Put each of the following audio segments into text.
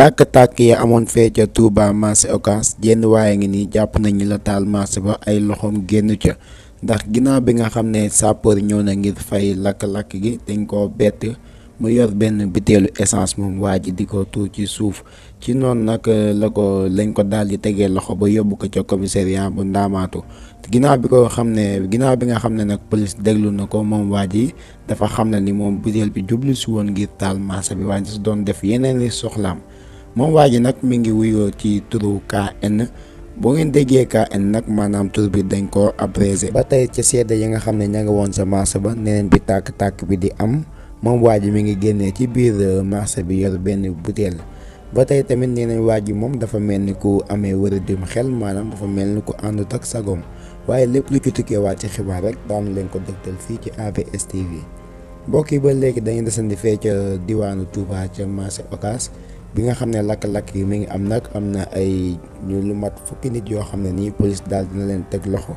tàkk-tàkk yi amoon fee ca Touba marché Ocass jenn waaye ngi nii jàpp nañu la taal marché ba ay loxoom génn ca ndax ginnaaw bi nga xam ne sapeur ñëw na ngir fay lakk-lakk gi dañ koo bett mu yor benn biteelu essence moom waa ji di ko tuur ci suuf ci noonu nag eh, la ko lañ ko daal di tegee loxo ba yóbbu ko ca commissariat bu ndaamaatu ginnaaw bi ko xam ne ginnaaw bi nga xam ne nag police déglu na ko moom waa ji dafa xam ne ni moom biteel bi jublu si woon ngir taal marché bi waa ji si doon def yeneen i soxlaam moom waa ji nag mi ngi wuyoo ci turu KN boo ngeen déggee KN nag maanaam tur bi dañ koo abrégé. ba tey ca seede yi nga xam ne ña nga woon sa marché ba neneen bi tàkk-tàkk bi di am moom waa ji mi ngi génnee ci biir euh, marché bi yor benn butéel ba tey tamit nee nañ waa ji moom dafa mel ni ku amee wërëdim xel maanaam fa mel ni ku àndut ak sagoom waaye lépp lu ci tukkeewaat ci xibaar rek daanu leen ko dégtal fii ci AVS TV mbokk yi ba léegi dañuy desandi fe ca diwaanu Touba ca marché Ocass bi nga xam ne lakk-lakk yi mi ngi am nag am na ay ñu lu mat fukki nit yoo xam ne nii police daal dina leen teg loxo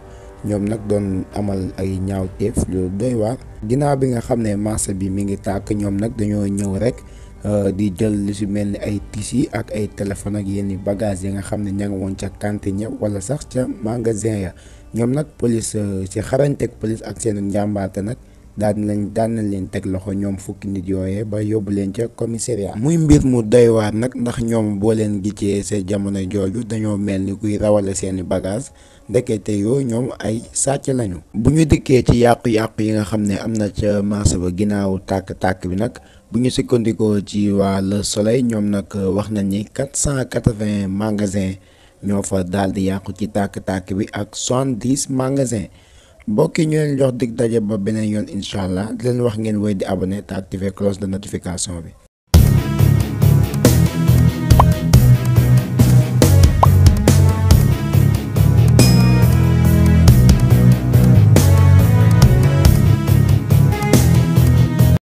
ñoom nag doon amal ay ñaaw ñaawteef lu doy waar. ginnaaw bi nga xam ne marché bi mi ngi tàkk ñoom nag dañoo ñëw rek euh, di jël lu si mel ni ay tissus ak ay téléphone ak yenn bagages yi nga xam ne ña nga woon ca cantine ya wala sax ca magasin ya ñoom nag police si euh, teg police ak seen njàmbaate nag. daan nañ leen teg loxo ñoom fukki nit yooyee ba yóbbu leen ca commissariat muy mbir mu doy nag ndax ñoom boo leen giccee sa jamono jooju dañoo mel ni kuy rawale seeni bagage ndekete yoo ñoom ay sàcc lañu. bu ñu dikkee ci yàqu-yàqu yi nga xam ne am na ca marché ba ginnaawu tàkk-tàkk bi nag bu ñu sukkandikoo ci waa Le Soleil ñoom nag wax nañ ni cent quatre-vingts magasins ñoo fa daal di yàqu ci tàkk-tàkk bi ak soixante-dix magasins. mbokk yi ñu leen jox dig daje ba beneen yoon incha allah di leen wax ngeen woy di abonné te activer cloche de notification bi.